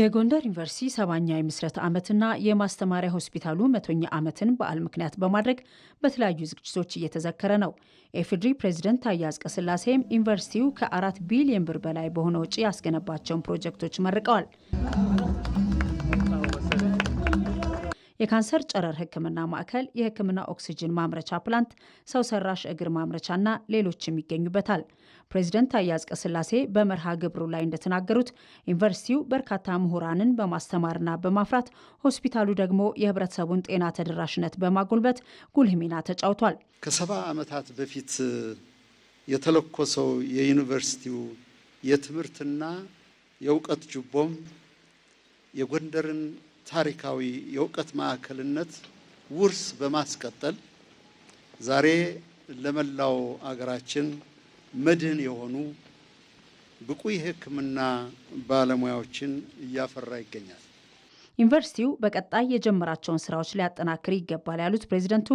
የጎንደር ዩኒቨርሲቲ ሰባኛ የምስረት ዓመትና የማስተማሪያ ሆስፒታሉ መቶኛ ዓመትን በዓል ምክንያት በማድረግ በተለያዩ ዝግጅቶች እየተዘከረ ነው። ኤፍድሪ ፕሬዚደንት ታዬ አጽቀሥላሴም ዩኒቨርሲቲው ከአራት ቢሊዮን ብር በላይ በሆነ ውጪ ያስገነባቸውን ፕሮጀክቶች መርቀዋል። የካንሰር ጨረር ሕክምና ማዕከል፣ የሕክምና ኦክሲጅን ማምረቻ ፕላንት፣ ሰው ሰራሽ እግር ማምረቻና ሌሎችም ይገኙበታል። ፕሬዚደንት ታዬ አጽቀሥላሴ በመርሃ ግብሩ ላይ እንደተናገሩት ዩኒቨርሲቲው በርካታ ምሁራንን በማስተማርና በማፍራት ሆስፒታሉ ደግሞ የህብረተሰቡን ጤና ተደራሽነት በማጎልበት ጉልህ ሚና ተጫውቷል። ከሰባ ዓመታት በፊት የተለኮሰው የዩኒቨርሲቲው የትምህርትና የእውቀት ጁቦም የጎንደርን ታሪካዊ የእውቀት ማዕከልነት ውርስ በማስቀጠል ዛሬ ለመላው አገራችን መድህን የሆኑ ብቁ የሕክምና ባለሙያዎችን እያፈራ ይገኛል። ዩኒቨርሲቲው በቀጣይ የጀመራቸውን ስራዎች ሊያጠናክር ይገባል ያሉት ፕሬዚደንቱ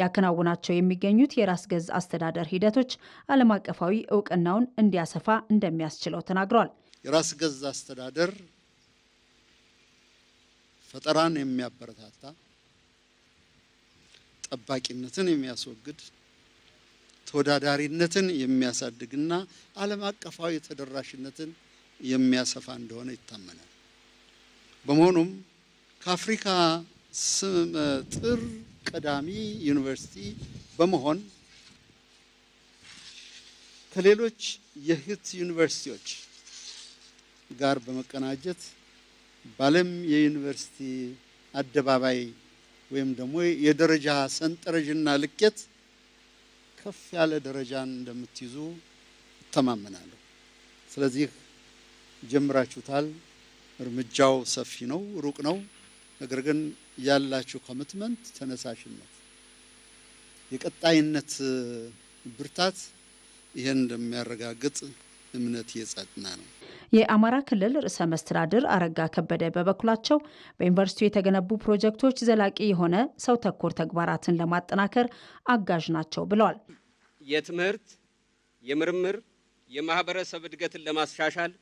ያከናውናቸው የሚገኙት የራስ ገዝ አስተዳደር ሂደቶች ዓለም አቀፋዊ እውቅናውን እንዲያሰፋ እንደሚያስችለው ተናግሯል። የራስ ገዝ አስተዳደር ፈጠራን የሚያበረታታ ጠባቂነትን የሚያስወግድ ተወዳዳሪነትን የሚያሳድግና ዓለም አቀፋዊ ተደራሽነትን የሚያሰፋ እንደሆነ ይታመናል። በመሆኑም ከአፍሪካ ስመጥር ቀዳሚ ዩኒቨርሲቲ በመሆን ከሌሎች የህት ዩኒቨርሲቲዎች ጋር በመቀናጀት በዓለም የዩኒቨርሲቲ አደባባይ ወይም ደግሞ የደረጃ ሰንጠረዥና ልኬት ከፍ ያለ ደረጃን እንደምትይዙ እተማመናለሁ። ስለዚህ ጀምራችሁታል። እርምጃው ሰፊ ነው፣ ሩቅ ነው። ነገር ግን ያላችሁ ኮሚትመንት፣ ተነሳሽነት፣ የቀጣይነት ብርታት ይህን እንደሚያረጋግጥ እምነት የጸና ነው። የአማራ ክልል ርዕሰ መስተዳድር አረጋ ከበደ በበኩላቸው በዩኒቨርሲቲው የተገነቡ ፕሮጀክቶች ዘላቂ የሆነ ሰው ተኮር ተግባራትን ለማጠናከር አጋዥ ናቸው ብለዋል። የትምህርት፣ የምርምር፣ የማህበረሰብ እድገትን ለማሻሻል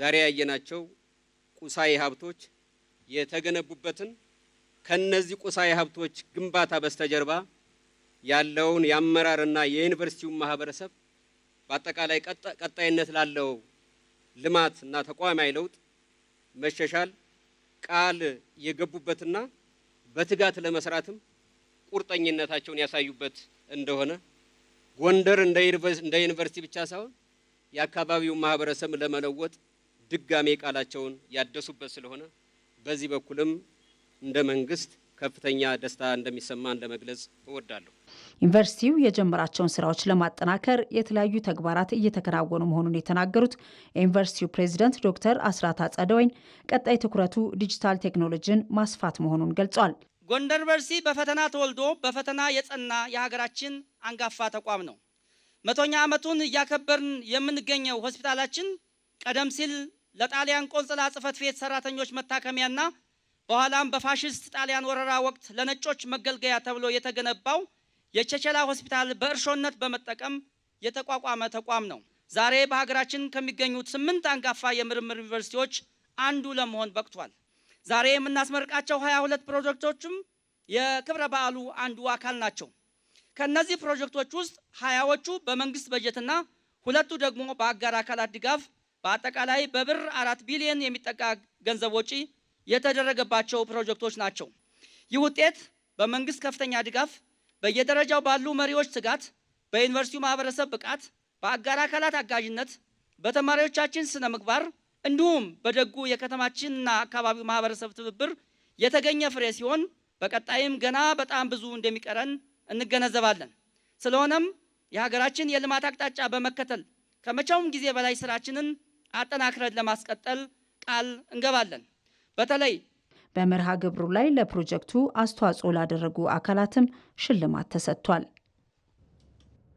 ዛሬ ያየናቸው ቁሳዊ ሀብቶች የተገነቡበትን ከነዚህ ቁሳዊ ሀብቶች ግንባታ በስተጀርባ ያለውን የአመራርና የዩኒቨርሲቲውን ማህበረሰብ በአጠቃላይ ቀጣይነት ላለው ልማት እና ተቋማዊ ለውጥ መሻሻል ቃል የገቡበትና በትጋት ለመስራትም ቁርጠኝነታቸውን ያሳዩበት እንደሆነ ጎንደር እንደ ዩኒቨርሲቲ ብቻ ሳይሆን የአካባቢውን ማህበረሰብ ለመለወጥ ድጋሜ ቃላቸውን ያደሱበት ስለሆነ በዚህ በኩልም እንደ መንግስት ከፍተኛ ደስታ እንደሚሰማ እንደመግለጽ እወዳለሁ። ዩኒቨርሲቲው የጀመራቸውን ስራዎች ለማጠናከር የተለያዩ ተግባራት እየተከናወኑ መሆኑን የተናገሩት የዩኒቨርሲቲው ፕሬዚደንት ዶክተር አስራት አጸደወይን ቀጣይ ትኩረቱ ዲጂታል ቴክኖሎጂን ማስፋት መሆኑን ገልጿል። ጎንደር ዩኒቨርሲቲ በፈተና ተወልዶ በፈተና የጸና የሀገራችን አንጋፋ ተቋም ነው። መቶኛ ዓመቱን እያከበርን የምንገኘው ሆስፒታላችን ቀደም ሲል ለጣሊያን ቆንጽላ ጽህፈት ቤት ሰራተኞች መታከሚያና በኋላም በፋሽስት ጣሊያን ወረራ ወቅት ለነጮች መገልገያ ተብሎ የተገነባው የቸቸላ ሆስፒታል በእርሾነት በመጠቀም የተቋቋመ ተቋም ነው። ዛሬ በሀገራችን ከሚገኙት ስምንት አንጋፋ የምርምር ዩኒቨርሲቲዎች አንዱ ለመሆን በቅቷል። ዛሬ የምናስመርቃቸው ሀያ ሁለት ፕሮጀክቶችም የክብረ በዓሉ አንዱ አካል ናቸው። ከእነዚህ ፕሮጀክቶች ውስጥ ሀያዎቹ በመንግስት በጀትና ሁለቱ ደግሞ በአጋር አካላት ድጋፍ በአጠቃላይ በብር አራት ቢሊየን የሚጠጋ ገንዘብ ወጪ የተደረገባቸው ፕሮጀክቶች ናቸው። ይህ ውጤት በመንግስት ከፍተኛ ድጋፍ፣ በየደረጃው ባሉ መሪዎች ትጋት፣ በዩኒቨርሲቲው ማህበረሰብ ብቃት፣ በአጋር አካላት አጋዥነት፣ በተማሪዎቻችን ስነ ምግባር እንዲሁም በደጉ የከተማችንና አካባቢው ማህበረሰብ ትብብር የተገኘ ፍሬ ሲሆን በቀጣይም ገና በጣም ብዙ እንደሚቀረን እንገነዘባለን። ስለሆነም የሀገራችን የልማት አቅጣጫ በመከተል ከመቼውም ጊዜ በላይ ስራችንን አጠናክረን ለማስቀጠል ቃል እንገባለን። በተለይ በመርሃ ግብሩ ላይ ለፕሮጀክቱ አስተዋጽኦ ላደረጉ አካላትም ሽልማት ተሰጥቷል።